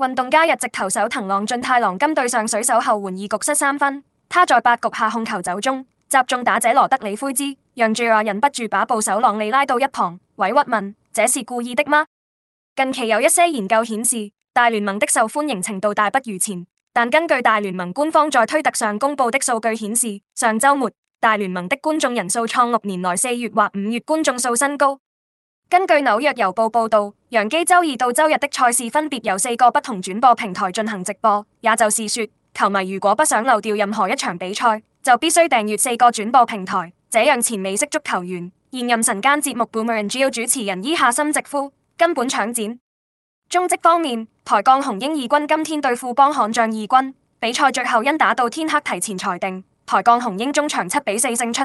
運動家日籍投手藤浪晉太郎今對上水手後援一局失三分。他在八局下控球走中，擊中打者羅德里奎茲，讓住阿忍不住把捕手朗里拉到一旁，委屈問：這是故意的嗎？近期有一些研究顯示，大聯盟的受歡迎程度大不如前，但根據大聯盟官方在推特上公布的數據顯示，上周末大聯盟的觀眾人數創六年來四月或五月觀眾數新高。根據紐約郵報報道，洋基週二到週日的賽事分別由四個不同轉播平台進行直播，也就是說，球迷如果不想漏掉任何一場比賽，就必須訂閱四個轉播平台。這樣前美式足球員、現任晨間節目《Boomer and Gio》主要主持人伊夏森直呼根本搶剪。中職方面，台鋼雄鷹二軍今天對富邦悍將二軍比賽最後因打到天黑提前裁定，台鋼雄鷹終場七比四勝出。